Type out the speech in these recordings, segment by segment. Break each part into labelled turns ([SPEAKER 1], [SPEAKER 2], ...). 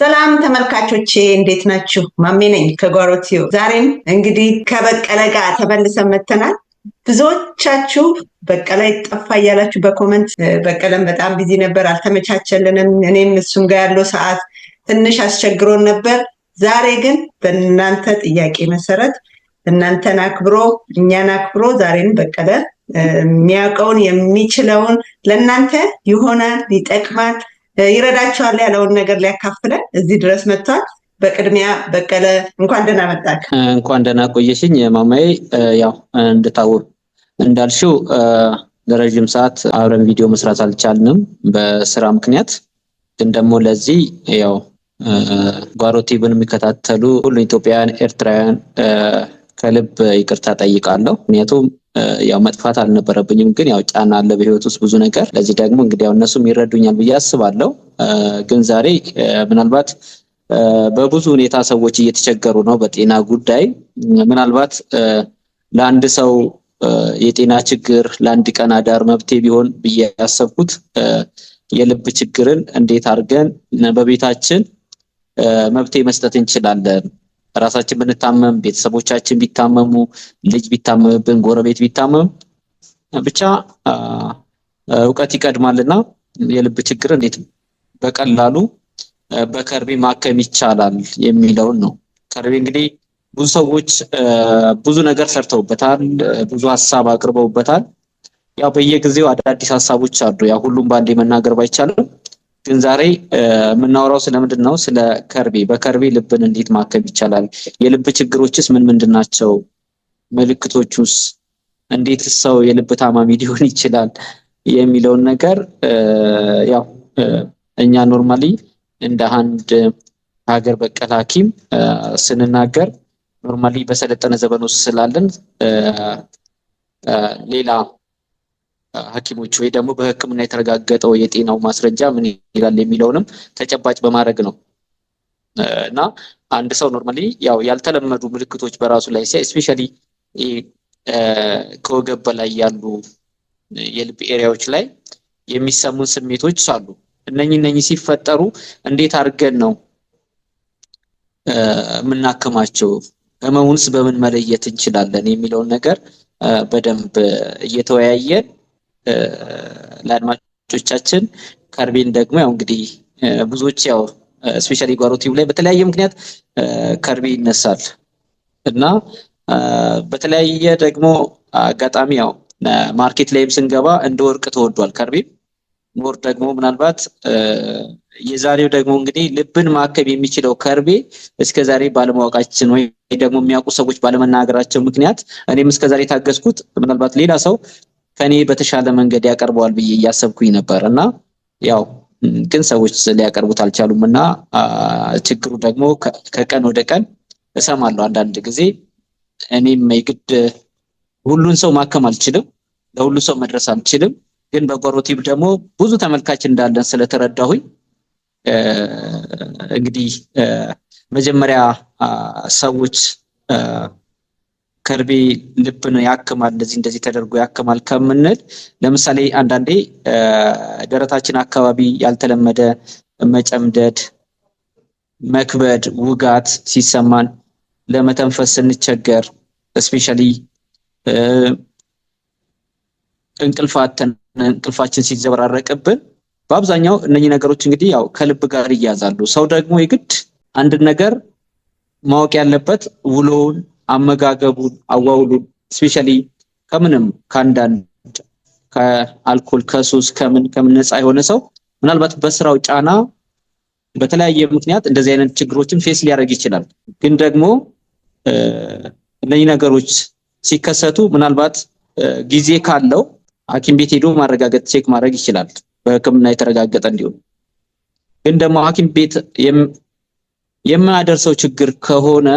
[SPEAKER 1] ሰላም ተመልካቾቼ እንዴት ናችሁ? ማሜ ነኝ ከጓሮ ቲዩብ። ዛሬም እንግዲህ ከበቀለ ጋር ተመልሰን መጥተናል። ብዙዎቻችሁ በቀለ ይጠፋ እያላችሁ በኮመንት በቀለም በጣም ቢዚ ነበር፣ አልተመቻቸልንም። እኔም እሱም ጋር ያለው ሰዓት ትንሽ አስቸግሮን ነበር። ዛሬ ግን በእናንተ ጥያቄ መሰረት እናንተን አክብሮ እኛን አክብሮ ዛሬም በቀለ የሚያውቀውን የሚችለውን ለእናንተ የሆነ ሊጠቅማል ይረዳቸዋል ያለውን ነገር ሊያካፍለን እዚህ ድረስ መጥቷል። በቅድሚያ በቀለ እንኳን ደህና መጣህ።
[SPEAKER 2] እንኳን ደህና ቆየሽኝ ማማዬ። ያው እንደታወቅ እንዳልሽው ለረዥም ሰዓት አብረን ቪዲዮ መስራት አልቻልንም በስራ ምክንያት። ግን ደግሞ ለዚህ ያው ጓሮ ቲቪን የሚከታተሉ ሁሉ ኢትዮጵያውያን ኤርትራውያን ከልብ ይቅርታ ጠይቃለሁ። ምክንያቱም ያው መጥፋት አልነበረብኝም፣ ግን ያው ጫና አለ በህይወት ውስጥ ብዙ ነገር። ለዚህ ደግሞ እንግዲህ ያው እነሱም ይረዱኛል ብዬ አስባለሁ። ግን ዛሬ ምናልባት በብዙ ሁኔታ ሰዎች እየተቸገሩ ነው በጤና ጉዳይ። ምናልባት ለአንድ ሰው የጤና ችግር ለአንድ ቀን አዳር መብቴ ቢሆን ብዬ ያሰብኩት የልብ ችግርን እንዴት አድርገን በቤታችን መብቴ መስጠት እንችላለን ራሳችን ብንታመም፣ ቤተሰቦቻችን ቢታመሙ፣ ልጅ ቢታመምብን፣ ጎረቤት ቢታመም ብቻ እውቀት ይቀድማልና የልብ ችግር እንዴት በቀላሉ በከርቤ ማከም ይቻላል የሚለውን ነው። ከርቤ እንግዲህ ብዙ ሰዎች ብዙ ነገር ሰርተውበታል፣ ብዙ ሀሳብ አቅርበውበታል። ያው በየጊዜው አዳዲስ ሀሳቦች አሉ። ያው ሁሉም በአንዴ መናገር ባይቻልም ግን ዛሬ የምናወራው ስለምንድን ነው? ስለ ከርቤ። በከርቤ ልብን እንዴት ማከም ይቻላል? የልብ ችግሮችስ ምን ምንድን ናቸው? ምልክቶቹስ? እንዴት ሰው የልብ ታማሚ ሊሆን ይችላል? የሚለውን ነገር ያው እኛ ኖርማሊ እንደ አንድ ሀገር በቀል ሐኪም ስንናገር ኖርማሊ በሰለጠነ ዘመን ውስጥ ስላለን ሌላ ሐኪሞች ወይ ደግሞ በሕክምና የተረጋገጠው የጤናው ማስረጃ ምን ይላል የሚለውንም ተጨባጭ በማድረግ ነው እና አንድ ሰው ኖርማሊ ያው ያልተለመዱ ምልክቶች በራሱ ላይ ሲያይ ስፔሻሊ ከወገብ በላይ ያሉ የልብ ኤሪያዎች ላይ የሚሰሙን ስሜቶች አሉ። እነኚህ እነኚህ ሲፈጠሩ እንዴት አድርገን ነው የምናክማቸው? ህመሙንስ በምን መለየት እንችላለን? የሚለውን ነገር በደንብ እየተወያየን ለአድማጮቻችን ከርቤን ደግሞ ያው እንግዲህ ብዙዎች ያው ስፔሻሊ ጓሮ ላይ በተለያየ ምክንያት ከርቤ ይነሳል እና በተለያየ ደግሞ አጋጣሚ ያው ማርኬት ላይም ስንገባ እንደ ወርቅ ተወዷል። ከርቤም ሞር ደግሞ ምናልባት የዛሬው ደግሞ እንግዲህ ልብን ማከብ የሚችለው ከርቤ እስከዛሬ ባለማወቃችን ወይ ደግሞ የሚያውቁ ሰዎች ባለመናገራቸው ምክንያት እኔም እስከዛሬ የታገስኩት ምናልባት ሌላ ሰው ከኔ በተሻለ መንገድ ያቀርበዋል ብዬ እያሰብኩኝ ነበር እና ያው ግን ሰዎች ሊያቀርቡት አልቻሉም እና ችግሩ ደግሞ ከቀን ወደ ቀን እሰማለሁ። አንዳንድ ጊዜ እኔም የግድ ሁሉን ሰው ማከም አልችልም፣ ለሁሉ ሰው መድረስ አልችልም። ግን በጎሮቲብ ደግሞ ብዙ ተመልካች እንዳለን ስለተረዳሁኝ እንግዲህ መጀመሪያ ሰዎች ከርቤ ልብን ያክማል እንደዚህ እንደዚህ ተደርጎ ያክማል ከምንል ለምሳሌ አንዳንዴ ደረታችን አካባቢ ያልተለመደ መጨምደድ፣ መክበድ፣ ውጋት ሲሰማን ለመተንፈስ ስንቸገር እስፔሻሊ እንቅልፋተን እንቅልፋችን ሲዘበራረቅብን በአብዛኛው እነኚህ ነገሮች እንግዲህ ያው ከልብ ጋር ይያዛሉ። ሰው ደግሞ የግድ አንድን ነገር ማወቅ ያለበት ውሎውን አመጋገቡን፣ አዋውሉን ስፔሻሊ ከምንም ከአንዳንድ ከአልኮል ከሱስ ከምን ከምን ነፃ የሆነ ሰው ምናልባት በስራው ጫና በተለያየ ምክንያት እንደዚህ አይነት ችግሮችን ፌስ ሊያደርግ ይችላል። ግን ደግሞ እነዚህ ነገሮች ሲከሰቱ ምናልባት ጊዜ ካለው ሐኪም ቤት ሄዶ ማረጋገጥ ቼክ ማድረግ ይችላል፣ በሕክምና የተረጋገጠ እንዲሆን። ግን ደግሞ ሐኪም ቤት የማያደርሰው ችግር ከሆነ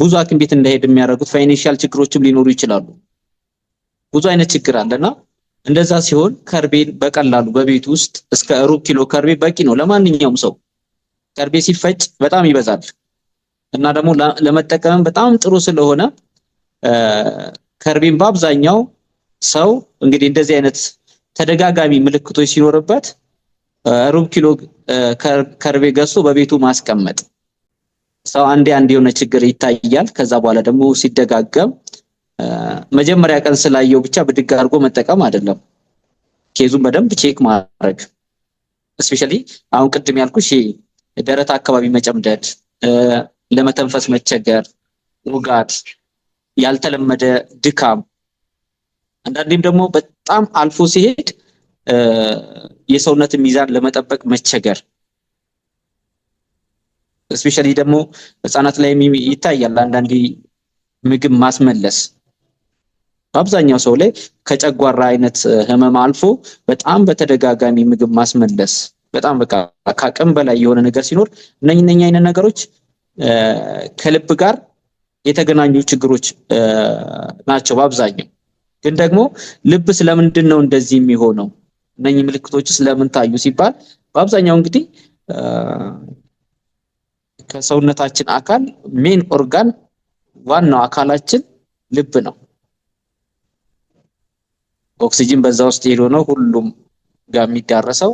[SPEAKER 2] ብዙ ሐኪም ቤት እንዳይሄድ የሚያደርጉት ፋይናንሻል ችግሮችም ሊኖሩ ይችላሉ። ብዙ አይነት ችግር አለና እንደዛ ሲሆን ከርቤን በቀላሉ በቤት ውስጥ እስከ ሩብ ኪሎ ከርቤ በቂ ነው ለማንኛውም ሰው። ከርቤ ሲፈጭ በጣም ይበዛል እና ደግሞ ለመጠቀምም በጣም ጥሩ ስለሆነ ከርቤን በአብዛኛው ሰው እንግዲህ እንደዚህ አይነት ተደጋጋሚ ምልክቶች ሲኖርበት ሩብ ኪሎ ከርቤ ገዝቶ በቤቱ ማስቀመጥ ሰው አንዴ አንድ የሆነ ችግር ይታያል። ከዛ በኋላ ደግሞ ሲደጋገም መጀመሪያ ቀን ስላየው ብቻ ብድግ አድርጎ መጠቀም አይደለም። ኬዙን በደንብ ቼክ ማድረግ እስፔሻሊ አሁን ቅድም ያልኩሽ ደረት አካባቢ መጨምደድ፣ ለመተንፈስ መቸገር፣ ውጋት፣ ያልተለመደ ድካም አንዳንዴም ደግሞ በጣም አልፎ ሲሄድ የሰውነትን ሚዛን ለመጠበቅ መቸገር እስፔሻሊ ደግሞ ህጻናት ላይ ይታያል። አንዳንዴ ምግብ ማስመለስ በአብዛኛው ሰው ላይ ከጨጓራ አይነት ህመም አልፎ በጣም በተደጋጋሚ ምግብ ማስመለስ በጣም በቃ ከአቅም በላይ የሆነ ነገር ሲኖር እነኝ እነኝ አይነት ነገሮች ከልብ ጋር የተገናኙ ችግሮች ናቸው። በአብዛኛው ግን ደግሞ ልብ ስለምንድን ነው እንደዚህ የሚሆነው? እነኚህ ምልክቶችስ ለምን ታዩ ሲባል በአብዛኛው እንግዲህ ከሰውነታችን አካል ሜን ኦርጋን ዋናው አካላችን ልብ ነው። ኦክሲጅን በዛ ውስጥ ሄዶ ነው ሁሉም ጋር የሚዳረሰው።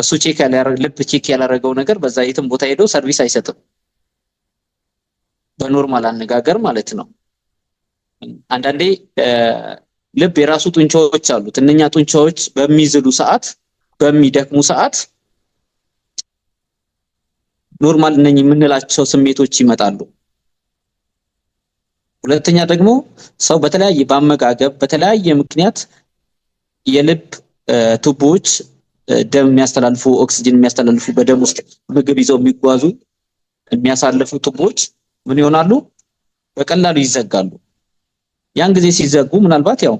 [SPEAKER 2] እሱ ቼክ ያላረገ ልብ ቼክ ያላረገው ነገር በዛ የትም ቦታ ሄዶ ሰርቪስ አይሰጥም። በኖርማል አነጋገር ማለት ነው። አንዳንዴ ልብ የራሱ ጡንቻዎች አሉት። እነኛ ጡንቻዎች በሚዝሉ ሰዓት፣ በሚደክሙ ሰዓት ኖርማል ነኝ የምንላቸው ስሜቶች ይመጣሉ። ሁለተኛ ደግሞ ሰው በተለያየ በአመጋገብ በተለያየ ምክንያት የልብ ቱቦዎች ደም የሚያስተላልፉ ኦክሲጅን የሚያስተላልፉ በደም ውስጥ ምግብ ይዘው የሚጓዙ የሚያሳልፉ ቱቦዎች ምን ይሆናሉ? በቀላሉ ይዘጋሉ። ያን ጊዜ ሲዘጉ ምናልባት ያው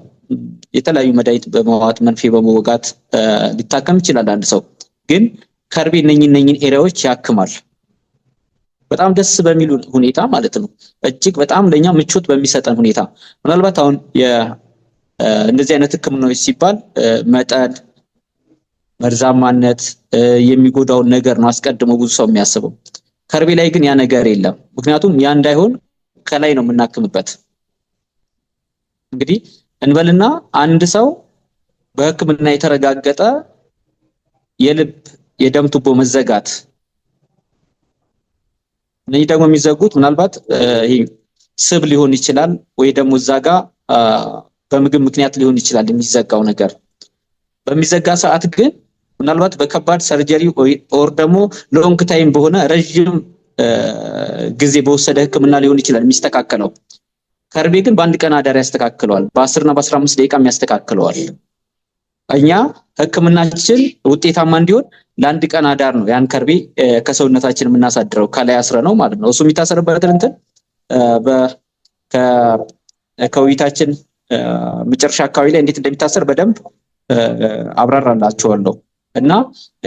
[SPEAKER 2] የተለያዩ መድኃኒት በመዋጥ መንፌ በመወጋት ሊታከም ይችላል አንድ ሰው ግን ከርቤ እነኝን እነኝን ኤሪያዎች ያክማል። በጣም ደስ በሚል ሁኔታ ማለት ነው። እጅግ በጣም ለእኛ ምቾት በሚሰጠን ሁኔታ ምናልባት አሁን እንደዚህ አይነት ሕክምናዎች ሲባል መጠን መርዛማነት የሚጎዳውን ነገር ነው አስቀድሞ ብዙ ሰው የሚያስበው። ከርቤ ላይ ግን ያ ነገር የለም። ምክንያቱም ያ እንዳይሆን ከላይ ነው የምናክምበት። እንግዲህ እንበልና አንድ ሰው በህክምና የተረጋገጠ የልብ የደም ቱቦ መዘጋት እነዚህ ደግሞ የሚዘጉት ምናልባት ይሄ ስብ ሊሆን ይችላል ወይ ደግሞ እዛ ጋ በምግብ ምክንያት ሊሆን ይችላል የሚዘጋው ነገር። በሚዘጋ ሰዓት ግን ምናልባት በከባድ ሰርጀሪ ኦር ደግሞ ሎንግ ታይም በሆነ ረዥም ጊዜ በወሰደ ሕክምና ሊሆን ይችላል የሚስተካከለው። ከርቤ ግን በአንድ ቀን አዳር ያስተካክለዋል። በአስርና እና በአስራ አምስት ደቂቃም ያስተካክለዋል። እኛ ሕክምናችን ውጤታማ እንዲሆን ለአንድ ቀን አዳር ነው ያን ከርቤ ከሰውነታችን የምናሳድረው ከላይ አስረ ነው ማለት ነው። እሱ የሚታሰርበትን እንትን ከውይይታችን መጨረሻ አካባቢ ላይ እንዴት እንደሚታሰር በደንብ አብራራላችኋለሁ። እና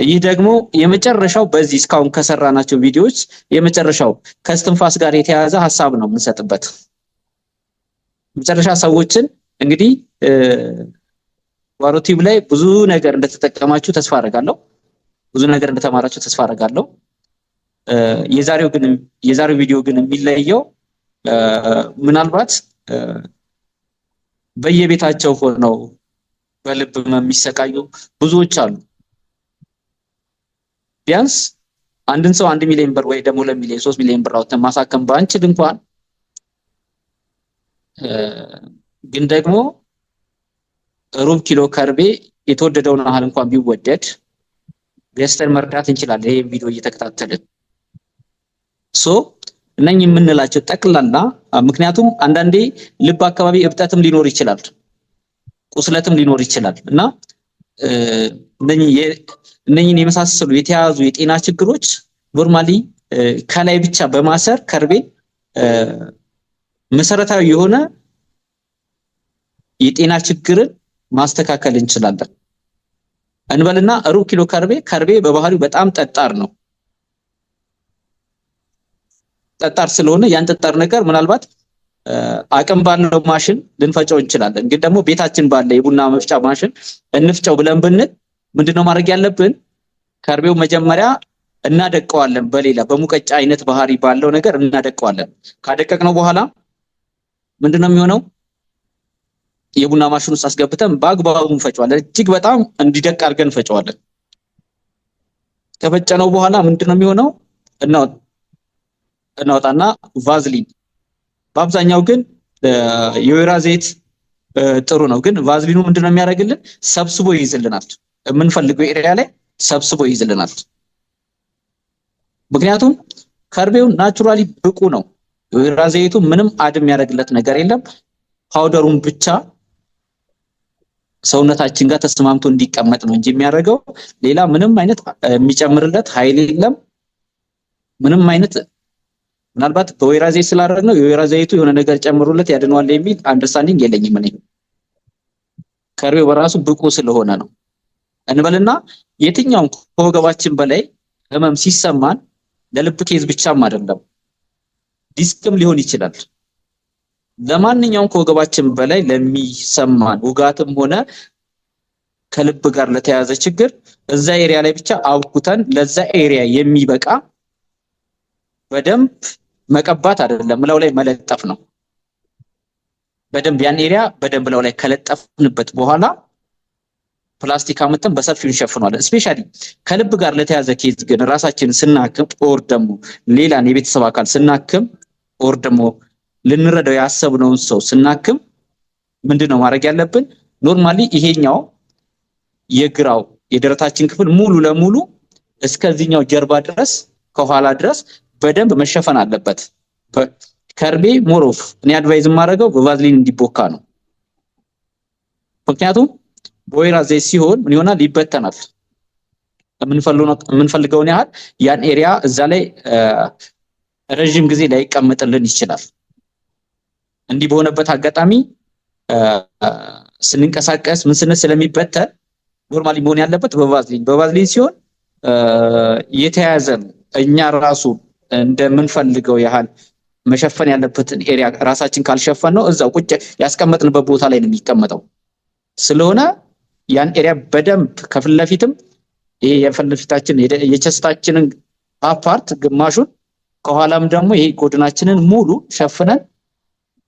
[SPEAKER 2] ይህ ደግሞ የመጨረሻው በዚህ እስካሁን ከሰራናቸው ቪዲዮዎች የመጨረሻው ከስትንፋስ ጋር የተያያዘ ሀሳብ ነው የምንሰጥበት። መጨረሻ ሰዎችን እንግዲህ ጓሮቲብ ላይ ብዙ ነገር እንደተጠቀማችሁ ተስፋ አደርጋለሁ። ብዙ ነገር እንደተማራችሁ ተስፋ አደርጋለሁ። የዛሬው ግን የዛሬው ቪዲዮ ግን የሚለየው ምናልባት በየቤታቸው ሆነው በልብ የሚሰቃዩ ብዙዎች አሉ። ቢያንስ አንድን ሰው አንድ ሚሊዮን ብር ወይ ደግሞ ሁለት ሚሊዮን ሶስት ሚሊዮን ብር አውጥተን ማሳከም ባንችል እንኳን ግን ደግሞ ሩብ ኪሎ ከርቤ የተወደደውን ያህል እንኳን ቢወደድ ገዝተን መርዳት እንችላለን። ይሄን ቪዲዮ እየተከታተልን ሶ እነኚህ የምንላቸው ጠቅላላ ምክንያቱም አንዳንዴ ልብ አካባቢ እብጠትም ሊኖር ይችላል፣ ቁስለትም ሊኖር ይችላል እና እነኚህን የመሳሰሉ የተያያዙ የጤና ችግሮች ኖርማሊ ከላይ ብቻ በማሰር ከርቤ መሰረታዊ የሆነ የጤና ችግርን ማስተካከል እንችላለን። እንበልና ሩብ ኪሎ ከርቤ ከርቤ በባህሪው በጣም ጠጣር ነው። ጠጣር ስለሆነ ያን ጠጣር ነገር ምናልባት አቅም ባለው ማሽን ልንፈጨው እንችላለን። ግን ደግሞ ቤታችን ባለ የቡና መፍጫ ማሽን እንፍጨው ብለን ብንል ምንድነው ማድረግ ያለብን? ከርቤው መጀመሪያ እናደቀዋለን። በሌላ በሙቀጫ አይነት ባህሪ ባለው ነገር እናደቀዋለን። ካደቀቅነው በኋላ ምንድነው የሚሆነው? የቡና ማሽን ውስጥ አስገብተን በአግባቡ እንፈጨዋለን። እጅግ በጣም እንዲደቅ አድርገን እንፈጨዋለን። ከፈጨነው በኋላ ምንድን ነው የሚሆነው? እናወጣና ቫዝሊን በአብዛኛው ግን የወይራ ዘይት ጥሩ ነው፣ ግን ቫዝሊኑ ነው የሚያደርግልን? ሰብስቦ ይይዝልናል። የምንፈልገው ኤሪያ ላይ ሰብስቦ ይይዝልናል። ምክንያቱም ከርቤው ናቹራሊ ብቁ ነው። የወይራ ዘይቱ ምንም አድም የሚያደርግለት ነገር የለም። ፓውደሩን ብቻ ሰውነታችን ጋር ተስማምቶ እንዲቀመጥ ነው እንጂ የሚያደርገው ሌላ ምንም አይነት የሚጨምርለት ኃይል የለም። ምንም አይነት ምናልባት በወይራ ዘይት ነው የወይራ ዘይቱ የሆነ ነገር ጨምሩለት ያድነዋል የሚል አንደርስታንዲንግ የለኝም እኔ ከርቤው በራሱ ብቁ ስለሆነ ነው እንበልና የትኛውም ከወገባችን በላይ ህመም ሲሰማን ለልብ ኬዝ ብቻም አይደለም ዲስክም ሊሆን ይችላል። ለማንኛውም ከወገባችን በላይ ለሚሰማን ውጋትም ሆነ ከልብ ጋር ለተያያዘ ችግር እዛ ኤሪያ ላይ ብቻ አብኩተን ለዛ ኤሪያ የሚበቃ በደንብ መቀባት አይደለም፣ እላው ላይ መለጠፍ ነው። በደንብ ያን ኤሪያ በደንብ እላው ላይ ከለጠፍንበት በኋላ ፕላስቲክ አምጥተን በሰፊው እንሸፍነዋለን። ስፔሻሊ ከልብ ጋር ለተያዘ ኬዝ ግን ራሳችንን ስናክም ኦር ደግሞ ሌላን የቤተሰብ አካል ስናክም ኦር ደግሞ ልንረዳው ያሰብነውን ሰው ስናክም ምንድን ነው ማድረግ ያለብን? ኖርማሊ ይሄኛው የግራው የደረታችን ክፍል ሙሉ ለሙሉ እስከዚህኛው ጀርባ ድረስ ከኋላ ድረስ በደንብ መሸፈን አለበት። ከርቤ ሞሮፍ እኔ አድቫይዝ የማደርገው በቫዝሊን እንዲቦካ ነው። ምክንያቱም በወይራ ዘይት ሲሆን ምን ይሆናል? ይበተናል። የምንፈልገውን ያህል ያን ኤሪያ እዛ ላይ ረዥም ጊዜ ላይቀመጥልን ይችላል። እንዲህ በሆነበት አጋጣሚ ስንንቀሳቀስ ምን ስነት ስለሚበተን ኖርማሊ መሆን ያለበት በቫዝሊን በቫዝሊን ሲሆን የተያያዘ ነው። እኛ ራሱ እንደምንፈልገው ያህል መሸፈን ያለበትን ኤሪያ ራሳችን ካልሸፈን ነው እዛው ቁጭ ያስቀመጥንበት ቦታ ላይ ነው የሚቀመጠው። ስለሆነ ያን ኤሪያ በደንብ ከፊት ለፊትም ይሄ የፊት ለፊታችን የቸስታችንን አፓርት ግማሹን ከኋላም ደግሞ ይሄ ጎድናችንን ሙሉ ሸፍነን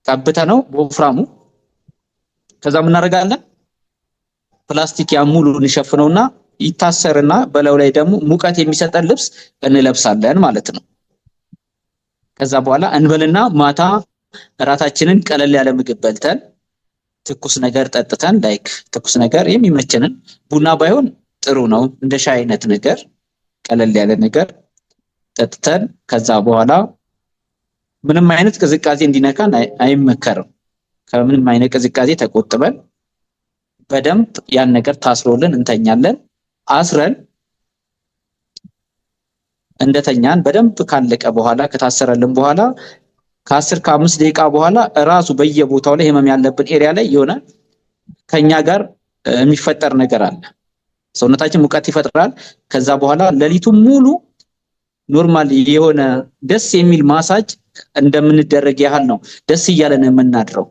[SPEAKER 2] ቀብተ ነው በወፍራሙ። ከዛ ምናደርጋለን ፕላስቲክ ያ ሙሉ እንሸፍነውና ይታሰርና በላዩ ላይ ደግሞ ሙቀት የሚሰጠን ልብስ እንለብሳለን ማለት ነው። ከዛ በኋላ እንበልና ማታ እራታችንን ቀለል ያለ ምግብ በልተን ትኩስ ነገር ጠጥተን ላይክ ትኩስ ነገር የሚመቸንን ቡና ባይሆን ጥሩ ነው፣ እንደ ሻይ አይነት ነገር ቀለል ያለ ነገር ጠጥተን ከዛ በኋላ ምንም አይነት ቅዝቃዜ እንዲነካን አይመከርም። ከምንም አይነት ቅዝቃዜ ተቆጥበን በደንብ ያን ነገር ታስሮልን እንተኛለን። አስረን እንደተኛን በደንብ ካለቀ በኋላ ከታሰረልን በኋላ ከአስር ከአምስት ደቂቃ በኋላ እራሱ በየቦታው ላይ ህመም ያለብን ኤሪያ ላይ የሆነ ከኛ ጋር የሚፈጠር ነገር አለ። ሰውነታችን ሙቀት ይፈጥራል። ከዛ በኋላ ሌሊቱ ሙሉ ኖርማል የሆነ ደስ የሚል ማሳጅ እንደምንደረግ ያህል ነው ደስ እያለን የምናድረው።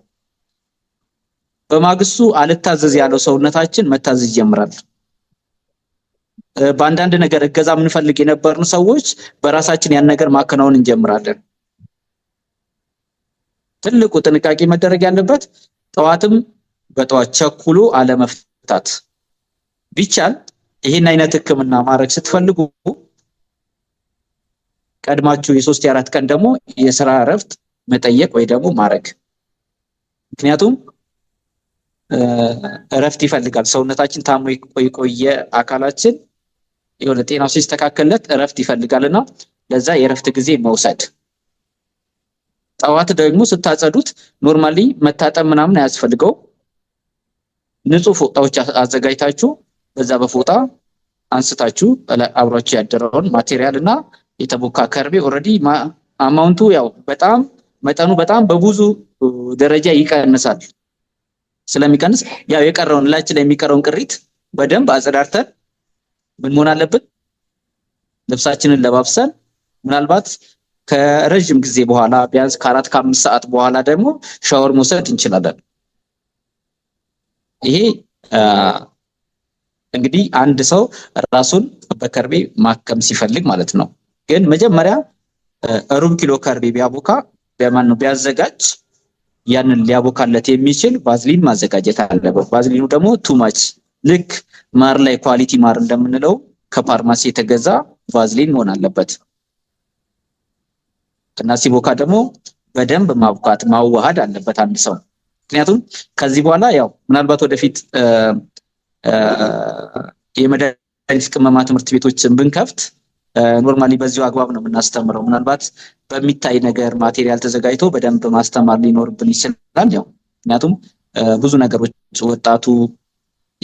[SPEAKER 2] በማግስቱ አልታዘዝ ያለው ሰውነታችን መታዘዝ ይጀምራል። በአንዳንድ ነገር እገዛ የምንፈልግ የነበርን ሰዎች በራሳችን ያን ነገር ማከናወን እንጀምራለን። ትልቁ ጥንቃቄ መደረግ ያለበት ጠዋትም በጠዋት ቸኩሎ አለመፍታት ቢቻል ይህን አይነት ሕክምና ማድረግ ስትፈልጉ ቀድማችሁ የሶስት የአራት ቀን ደግሞ የስራ እረፍት መጠየቅ ወይ ደግሞ ማድረግ። ምክንያቱም እረፍት ይፈልጋል። ሰውነታችን ታሞ የቆየ አካላችን የሆነ ጤናው ሲስተካከልለት እረፍት ይፈልጋልና ለዛ የእረፍት ጊዜ መውሰድ። ጠዋት ደግሞ ስታጸዱት ኖርማሊ መታጠብ ምናምን አያስፈልገው። ንጹህ ፎጣዎች አዘጋጅታችሁ በዛ በፎጣ አንስታችሁ አብሯችሁ ያደረውን ማቴሪያል እና የተቦካ ከርቤ ኦልሬዲ አማውንቱ ያው በጣም መጠኑ በጣም በብዙ ደረጃ ይቀንሳል። ስለሚቀንስ ያው የቀረውን ላችን ላይ የሚቀረውን ቅሪት በደንብ አጸዳርተን ምን መሆን አለብን? ልብሳችንን ለባብሰን ምናልባት ከረዥም ጊዜ በኋላ ቢያንስ ከአራት ከአምስት ሰዓት በኋላ ደግሞ ሻወር መውሰድ እንችላለን። ይሄ እንግዲህ አንድ ሰው ራሱን በከርቤ ማከም ሲፈልግ ማለት ነው። ግን መጀመሪያ ሩብ ኪሎ ከርቤ ቢያቦካ ቢያማን ነው ቢያዘጋጅ ያንን ሊያቦካለት የሚችል ቫዝሊን ማዘጋጀት አለበት። ቫዝሊኑ ደግሞ ቱማች ልክ ማር ላይ ኳሊቲ ማር እንደምንለው ከፋርማሲ የተገዛ ቫዝሊን መሆን አለበት እና ሲቦካ ደግሞ በደንብ ማብኳት ማዋሃድ አለበት አንድ ሰው። ምክንያቱም ከዚህ በኋላ ያው ምናልባት ወደፊት የመድኃኒት ቅመማ ትምህርት ቤቶችን ብንከፍት ኖርማሊ በዚሁ አግባብ ነው የምናስተምረው። ምናልባት በሚታይ ነገር ማቴሪያል ተዘጋጅቶ በደንብ ማስተማር ሊኖርብን ይችላል። ያው ምክንያቱም ብዙ ነገሮች ወጣቱ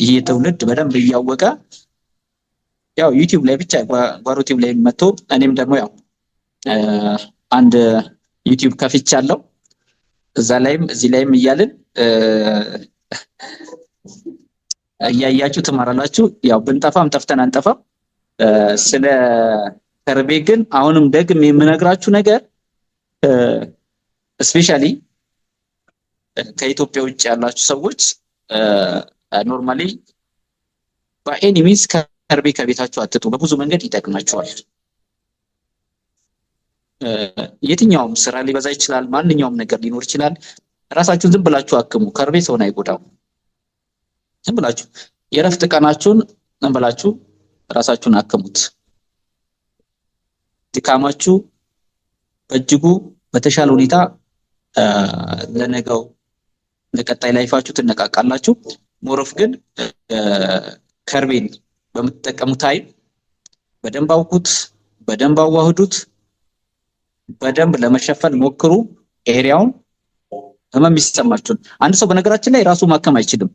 [SPEAKER 2] ይህ ትውልድ በደንብ እያወቀ ያው ዩቲዩብ ላይ ብቻ ጓሮ ቲዩብ ላይ መጥቶ እኔም ደግሞ ያው አንድ ዩቲዩብ ከፍቻ አለው እዛ ላይም እዚህ ላይም እያልን እያያችሁ ትማራላችሁ። ያው ብንጠፋም ጠፍተን አንጠፋም። ስለ ከርቤ ግን አሁንም ደግም የምነግራችሁ ነገር እስፔሻሊ ከኢትዮጵያ ውጭ ያላችሁ ሰዎች ኖርማሊ በኤኒ ሚንስ ከርቤ ከቤታችሁ አትጡ። በብዙ መንገድ ይጠቅማችኋል። የትኛውም ስራ ሊበዛ ይችላል። ማንኛውም ነገር ሊኖር ይችላል። ራሳችሁን ዝም ብላችሁ አክሙ። ከርቤ ሰውን አይጎዳው። ዝም ብላችሁ የረፍት ቀናችሁን ዝም ብላችሁ ራሳችሁን አክሙት። ድካማችሁ በእጅጉ በተሻለ ሁኔታ ለነገው ለቀጣይ ላይፋችሁ ትነቃቃላችሁ። ሞሮፍ ግን ከርቤን በምትጠቀሙ ታይም በደንብ አውቁት፣ በደንብ አዋህዱት፣ በደንብ ለመሸፈን ሞክሩ ኤሪያውን ህመም ይሰማችሁን። አንድ ሰው በነገራችን ላይ ራሱ ማከም አይችልም።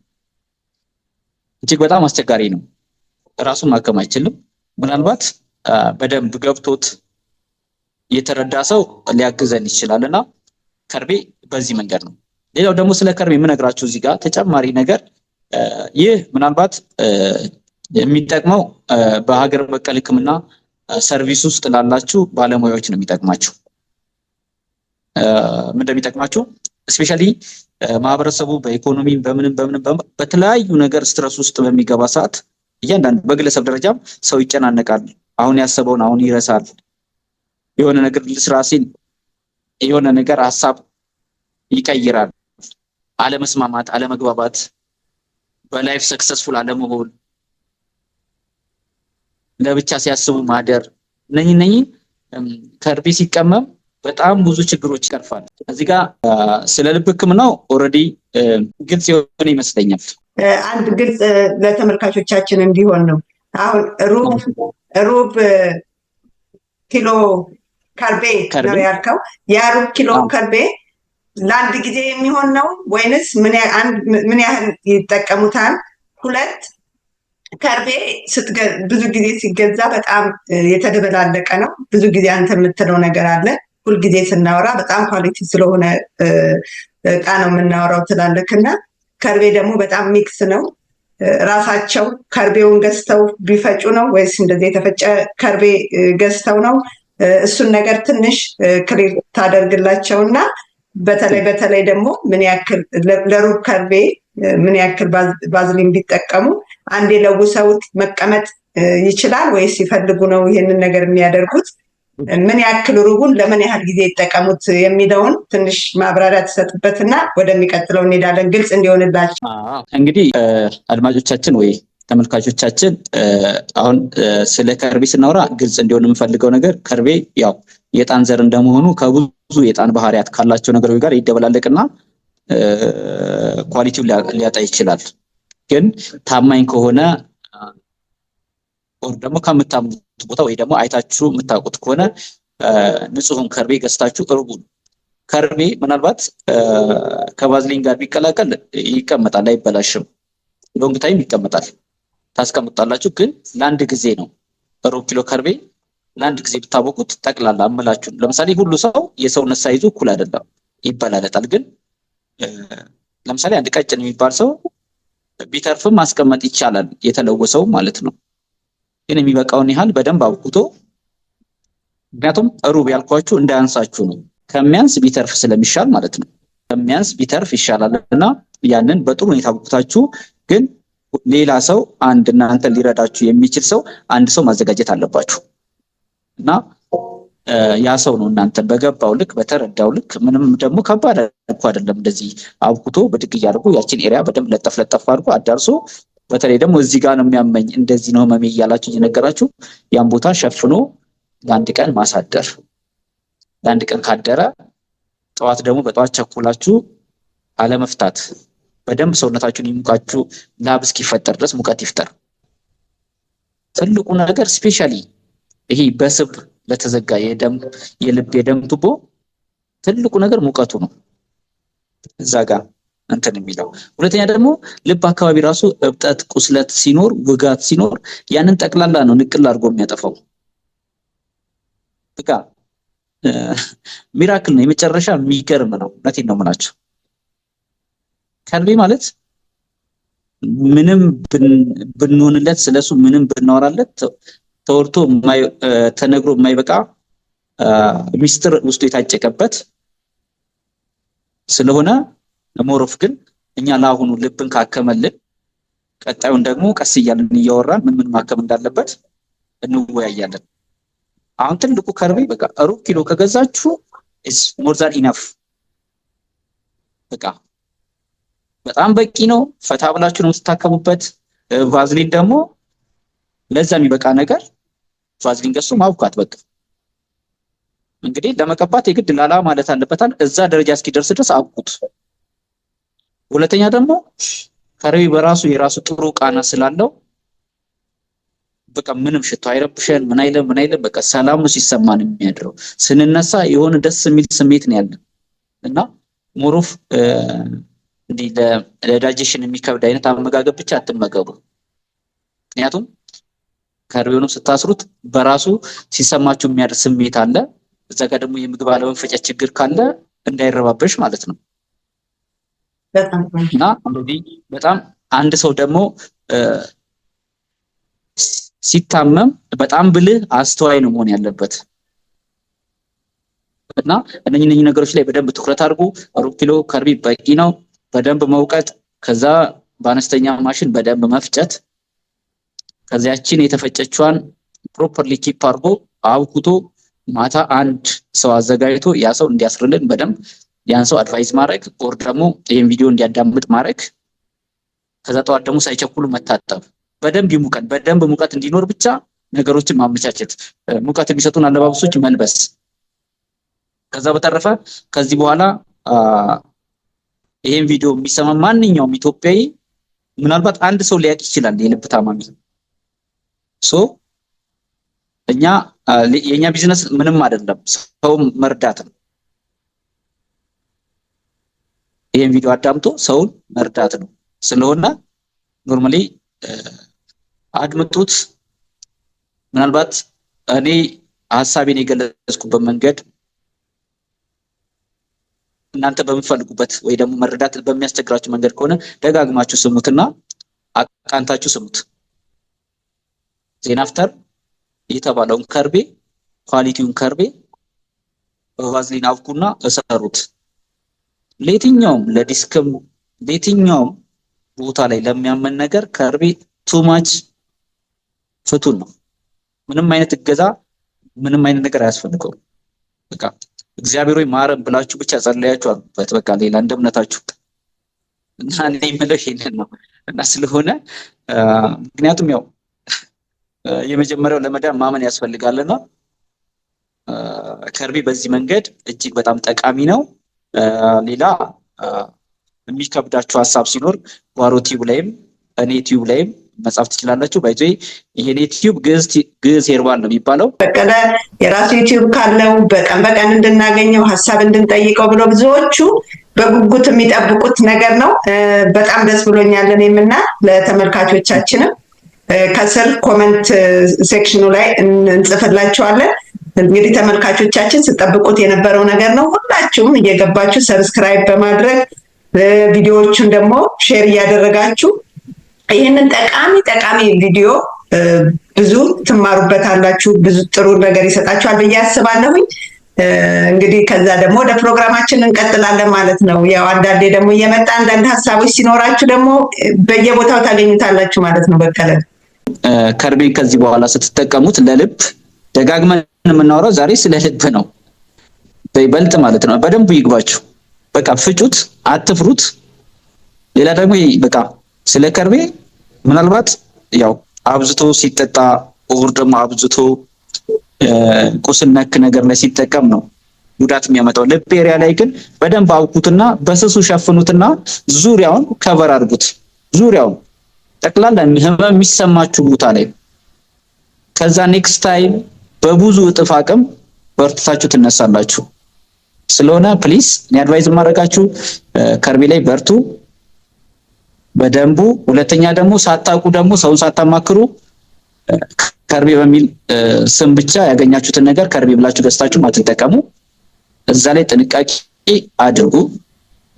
[SPEAKER 2] እጅግ በጣም አስቸጋሪ ነው። ራሱን ማከም አይችልም። ምናልባት በደንብ ገብቶት የተረዳ ሰው ሊያግዘን ይችላል እና ከርቤ በዚህ መንገድ ነው። ሌላው ደግሞ ስለ ከርቤ የምነግራችሁ እዚህ ጋር ተጨማሪ ነገር ይህ ምናልባት የሚጠቅመው በሀገር በቀል ሕክምና ሰርቪስ ውስጥ ላላችሁ ባለሙያዎች ነው የሚጠቅማችሁ። ምን እንደሚጠቅማችሁ እስፔሻሊ ማህበረሰቡ በኢኮኖሚ በምንም በምንም በተለያዩ ነገር ስትረስ ውስጥ በሚገባ ሰዓት እያንዳንዱ በግለሰብ ደረጃም ሰው ይጨናነቃል። አሁን ያሰበውን አሁን ይረሳል። የሆነ ነገር ልስራ ሲል የሆነ ነገር ሀሳብ ይቀይራል። አለመስማማት፣ አለመግባባት፣ በላይፍ ሰክሰስፉል አለመሆን፣ ለብቻ ሲያስቡ ማደር እነኝ እነኚህ ከርቤ ሲቀመም በጣም ብዙ ችግሮች ይቀርፋል። እዚህ ጋር ስለ ልብ ሕክምናው ኦልሬዲ ግልጽ የሆነ ይመስለኛል።
[SPEAKER 1] አንድ ግልጽ ለተመልካቾቻችን እንዲሆን ነው። አሁን ሩብ ሩብ ኪሎ ከርቤ ነው ያልከው። ያ ሩብ ኪሎ ከርቤ ለአንድ ጊዜ የሚሆን ነው ወይንስ ምን ያህል ይጠቀሙታል? ሁለት ከርቤ ብዙ ጊዜ ሲገዛ በጣም የተደበላለቀ ነው። ብዙ ጊዜ አንተ የምትለው ነገር አለ። ሁልጊዜ ስናወራ በጣም ኳሊቲ ስለሆነ እቃ ነው የምናወራው ትላለክና ከርቤ ደግሞ በጣም ሚክስ ነው። ራሳቸው ከርቤውን ገዝተው ቢፈጩ ነው ወይስ እንደዚህ የተፈጨ ከርቤ ገዝተው ነው? እሱን ነገር ትንሽ ክሊር ታደርግላቸው እና በተለይ በተለይ ደግሞ ምን ያክል ለሩብ ከርቤ ምን ያክል ባዝሊን ቢጠቀሙ አንዴ ለውሰውት መቀመጥ ይችላል ወይስ ሲፈልጉ ነው ይህንን ነገር የሚያደርጉት? ምን ያክል ሩቡን ለምን ያህል ጊዜ ይጠቀሙት የሚለውን ትንሽ ማብራሪያ ትሰጥበትና ወደሚቀጥለው እንሄዳለን፣ ግልጽ እንዲሆንላቸው።
[SPEAKER 2] እንግዲህ አድማጮቻችን ወይ ተመልካቾቻችን አሁን ስለ ከርቤ ስናወራ ግልጽ እንዲሆን የምፈልገው ነገር ከርቤ ያው የጣን ዘር እንደመሆኑ ከብዙ የጣን ባህሪያት ካላቸው ነገሮች ጋር ይደበላለቅና ኳሊቲው ሊያጣ ይችላል። ግን ታማኝ ከሆነ ደግሞ ከምታምኑት ቦታ ወይ ደግሞ አይታችሁ የምታውቁት ከሆነ ንጹህን ከርቤ ገዝታችሁ እርቡ ከርቤ ምናልባት ከቫዝሊን ጋር ቢቀላቀል ይቀመጣል፣ አይበላሽም፣ ሎንግ ታይም ይቀመጣል። ታስቀምጣላችሁ፣ ግን ለአንድ ጊዜ ነው። ሩብ ኪሎ ከርቤ ለአንድ ጊዜ ብታወቁት ጠቅላላ አምላችሁ። ለምሳሌ ሁሉ ሰው የሰውነት ሳይዙ እኩል አይደለም፣ ይበላለጣል። ግን ለምሳሌ አንድ ቀጭን የሚባል ሰው ቢተርፍም ማስቀመጥ ይቻላል፣ የተለወሰው ማለት ነው። ግን የሚበቃውን ያህል በደንብ አብኩቶ ምክንያቱም ሩብ ያልኳችሁ እንዳያንሳችሁ ነው። ከሚያንስ ቢተርፍ ስለሚሻል ማለት ነው። ከሚያንስ ቢተርፍ ይሻላል እና ያንን በጥሩ ሁኔታ አብኩታችሁ ግን ሌላ ሰው አንድ እናንተ ሊረዳችሁ የሚችል ሰው አንድ ሰው ማዘጋጀት አለባችሁ እና ያ ሰው ነው እናንተ በገባው ልክ በተረዳው ልክ ምንም ደግሞ ከባድ እኮ አይደለም። እንደዚህ አብኩቶ በድግ እያደርጉ ያችን ኤሪያ በደንብ ለጠፍ ለጠፍ አድርጎ አዳርሶ በተለይ ደግሞ እዚህ ጋር ነው የሚያመኝ እንደዚህ ነው ህመሜ እያላችሁ እየነገራችሁ ያን ቦታ ሸፍኖ ለአንድ ቀን ማሳደር። ለአንድ ቀን ካደረ ጠዋት ደግሞ በጠዋት ቸኩላችሁ አለመፍታት። በደንብ ሰውነታችሁን ይሙቃችሁ፣ ላብ እስኪፈጠር ድረስ ሙቀት ይፍጠር። ትልቁ ነገር ስፔሻሊ ይሄ በስብ ለተዘጋ የደም የልብ የደም ቱቦ ትልቁ ነገር ሙቀቱ ነው እዛ ጋር እንትን የሚለው ሁለተኛ ደግሞ ልብ አካባቢ ራሱ እብጠት፣ ቁስለት ሲኖር ውጋት ሲኖር ያንን ጠቅላላ ነው ንቅል አድርጎ የሚያጠፋው። በቃ ሚራክል ነው። የመጨረሻ የሚገርም ነው። እውነቴን ነው የምላቸው ከልቤ ማለት ምንም ብንሆንለት ስለሱ ምንም ብናወራለት ተወርቶ ተነግሮ የማይበቃ ሚስጥር ውስጡ የታጨቀበት ስለሆነ ሞሮፍ ግን እኛ ለአሁኑ ልብን ካከመልን ቀጣዩን ደግሞ ቀስ እያልን እያወራን ምን ምን ማከም እንዳለበት እንወያያለን። አሁን ትልቁ ከርቤ በቃ ሩብ ኪሎ ከገዛችሁ ኢዝ ሞር ዛን ኢናፍ በቃ በጣም በቂ ነው። ፈታ ብላችሁ ነው የምትታከሙበት። ቫዝሊን ደግሞ ለዛ የሚበቃ ነገር ቫዝሊን ገዝቶ ማብኳት በቃ እንግዲህ ለመቀባት የግድ ላላ ማለት አለበታል። እዛ ደረጃ እስኪደርስ ድረስ አብቁት። ሁለተኛ ደግሞ ከርቤ በራሱ የራሱ ጥሩ ቃና ስላለው በቃ ምንም ሽቶ አይረብሸን፣ ምን አይለም ምን አይለም። በቃ ሰላሙ ሲሰማን የሚያድረው ስንነሳ የሆነ ደስ የሚል ስሜት ነው ያለን እና ሞሮፍ እንዲህ ለዳጀሽን የሚከብድ አይነት አመጋገብ ብቻ አትመገቡ። ምክንያቱም ከርቤውንም ስታስሩት በራሱ ሲሰማችሁ የሚያድር ስሜት አለ። እዛ ጋር ደግሞ የምግብ አለመፈጨት ችግር ካለ እንዳይረባበሽ ማለት ነው። እና እንግዲህ በጣም አንድ ሰው ደግሞ ሲታመም በጣም ብልህ አስተዋይ ነው መሆን ያለበት እና እነኚህ እነኚህ ነገሮች ላይ በደንብ ትኩረት አድርጉ። ሩብ ኪሎ ከርቢ በቂ ነው። በደንብ መውቀጥ፣ ከዛ በአነስተኛ ማሽን በደንብ መፍጨት፣ ከዚያችን የተፈጨችዋን ፕሮፐርሊ ኪፕ አድርጎ አብኩቶ ማታ አንድ ሰው አዘጋጅቶ ያ ሰው እንዲያስርልን በደንብ ያን ሰው አድቫይዝ ማድረግ ኦር ደግሞ ይህን ቪዲዮ እንዲያዳምጥ ማድረግ። ከዛ ጠዋት ደግሞ ሳይቸኩሉ መታጠብ፣ በደንብ ይሙቀን፣ በደንብ ሙቀት እንዲኖር ብቻ ነገሮችን ማመቻቸት፣ ሙቀት የሚሰጡን አለባበሶች መልበስ። ከዛ በተረፈ ከዚህ በኋላ ይህን ቪዲዮ የሚሰማ ማንኛውም ኢትዮጵያዊ ምናልባት አንድ ሰው ሊያቅ ይችላል የልብ ታማሚ ሶ እኛ የእኛ ቢዝነስ ምንም አይደለም፣ ሰውም መርዳት ነው። ይህን ቪዲዮ አዳምጦ ሰውን መርዳት ነው ስለሆነ ኖርማሊ አድምጡት። ምናልባት እኔ ሀሳቤን የገለጽኩበት መንገድ እናንተ በምፈልጉበት ወይ ደግሞ መረዳት በሚያስቸግራችሁ መንገድ ከሆነ ደጋግማችሁ ስሙትና አቃንታችሁ ስሙት። ዜናፍተር አፍተር የተባለውን ከርቤ ኳሊቲውን ከርቤ በቫዝሊን አብኩና እሰሩት። ለየትኛውም ለዲስክም ለየትኛውም ቦታ ላይ ለሚያመን ነገር ከርቤ ቱማች ፍቱን ነው። ምንም አይነት እገዛ ምንም አይነት ነገር አያስፈልገውም። በቃ እግዚአብሔር ወይ ማረም ብላችሁ ብቻ ጸለያችሁ አሉበት። በቃ ሌላ እንደ እምነታችሁ እና እኔ የምለው ይሄንን ነው እና ስለሆነ ምክንያቱም ያው የመጀመሪያው ለመዳን ማመን ያስፈልጋልና ከርቤ በዚህ መንገድ እጅግ በጣም ጠቃሚ ነው። ሌላ የሚከብዳችሁ ሀሳብ ሲኖር ጓሮ ቲዩብ ላይም እኔ ቲዩብ ላይም መጻፍ ትችላላችሁ። ባይዞ ይሄ ዩቲዩብ ግዕዝ ሄርባል ነው የሚባለው።
[SPEAKER 1] በቀለ የራሱ ዩቲዩብ ካለው በቀን በቀን እንድናገኘው ሀሳብ እንድንጠይቀው ብሎ ብዙዎቹ በጉጉት የሚጠብቁት ነገር ነው። በጣም ደስ ብሎኛል እኔም ለተመልካቾቻችንም ከስር ኮመንት ሴክሽኑ ላይ እንጽፍላቸዋለን። እንግዲህ ተመልካቾቻችን ስጠብቁት የነበረው ነገር ነው። ሁላችሁም እየገባችሁ ሰብስክራይብ በማድረግ ቪዲዮዎቹን ደግሞ ሼር እያደረጋችሁ ይህንን ጠቃሚ ጠቃሚ ቪዲዮ ብዙ ትማሩበታላችሁ፣ ብዙ ጥሩ ነገር ይሰጣችኋል ብዬ አስባለሁኝ። እንግዲህ ከዛ ደግሞ ወደ ፕሮግራማችን እንቀጥላለን ማለት ነው። ያው አንዳንዴ ደግሞ እየመጣ አንዳንድ ሀሳቦች ሲኖራችሁ ደግሞ በየቦታው ታገኙታላችሁ ማለት ነው። በቀለ
[SPEAKER 2] ከርቤ ከዚህ በኋላ ስትጠቀሙት ለልብ ደጋግመን የምናወራው ዛሬ ስለ ልብ ነው፣ በይበልጥ ማለት ነው። በደንብ ይግባችሁ። በቃ ፍጩት፣ አትፍሩት። ሌላ ደግሞ በቃ ስለ ከርቤ ምናልባት ያው አብዝቶ ሲጠጣ ኦር ደግሞ አብዝቶ ቁስል ነክ ነገር ላይ ሲጠቀም ነው ጉዳት የሚያመጣው። ልብ ኤሪያ ላይ ግን በደንብ አውቁትና በስሱ ሸፍኑትና ዙሪያውን ከበር አድርጉት። ዙሪያውን ጠቅላላ ህመም የሚሰማችሁ ቦታ ላይ ከዛ ኔክስት ታይም በብዙ እጥፍ አቅም በርትታችሁ ትነሳላችሁ። ስለሆነ ፕሊስ እኔ አድቫይዝ ማድረጋችሁ ከርቢ ላይ በርቱ በደንቡ። ሁለተኛ ደግሞ ሳታውቁ ደግሞ ሰውን ሳታማክሩ ከርቢ በሚል ስም ብቻ ያገኛችሁትን ነገር ከርቢ ብላችሁ ገዝታችሁ አትጠቀሙ። እዛ ላይ ጥንቃቄ አድርጉ።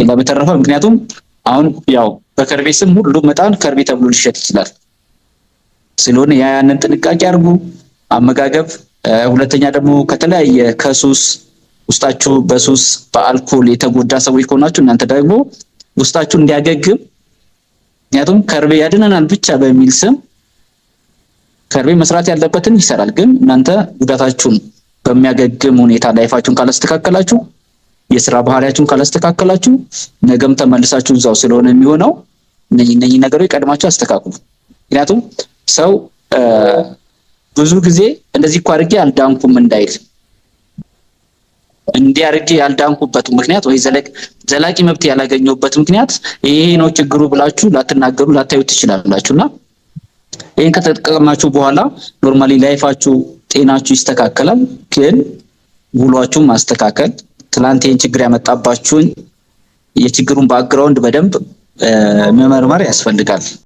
[SPEAKER 2] ሌላ በተረፈ ምክንያቱም አሁን ያው በከርቤ ስም ሁሉም እጣን ከርቤ ተብሎ ሊሸጥ ይችላል። ስለሆነ ያ ያንን ጥንቃቄ አድርጉ። አመጋገብ ሁለተኛ ደግሞ ከተለያየ ከሱስ ውስጣችሁ በሱስ በአልኮል የተጎዳ ሰዎች ከሆናችሁ እናንተ ደግሞ ውስጣችሁ እንዲያገግም ምክንያቱም ከርቤ ያድነናል ብቻ በሚል ስም ከርቤ መስራት ያለበትን ይሰራል። ግን እናንተ ጉዳታችሁን በሚያገግም ሁኔታ ላይፋችሁን ካላስተካከላችሁ፣ የስራ ባህሪያችሁን ካላስተካከላችሁ ነገም ተመልሳችሁ እዛው ስለሆነ የሚሆነው እነኚህ ነገሮች ቀድማችሁ አስተካክሉ። ምክንያቱም ሰው ብዙ ጊዜ እንደዚህ እኮ አድርጌ አልዳንኩም እንዳይል እንዲህ አድርጌ ያልዳንኩበት ምክንያት ወይ ዘላቂ መብት ያላገኘሁበት ምክንያት ይሄ ነው ችግሩ ብላችሁ ላትናገሩ ላታዩ ትችላላችሁ። እና ይህን ከተጠቀማችሁ በኋላ ኖርማሊ ላይፋችሁ፣ ጤናችሁ ይስተካከላል። ግን ጉሏችሁ ማስተካከል ትላንት ይህን ችግር ያመጣባችሁን የችግሩን ባክግራውንድ በደንብ መመርመር ያስፈልጋል።